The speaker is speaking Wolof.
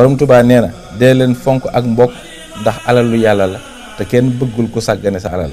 borom tubaa nee na dee leen fonk ak mbokk ndax alalu yàlla la te kenn bëggul ku sàggane sa alal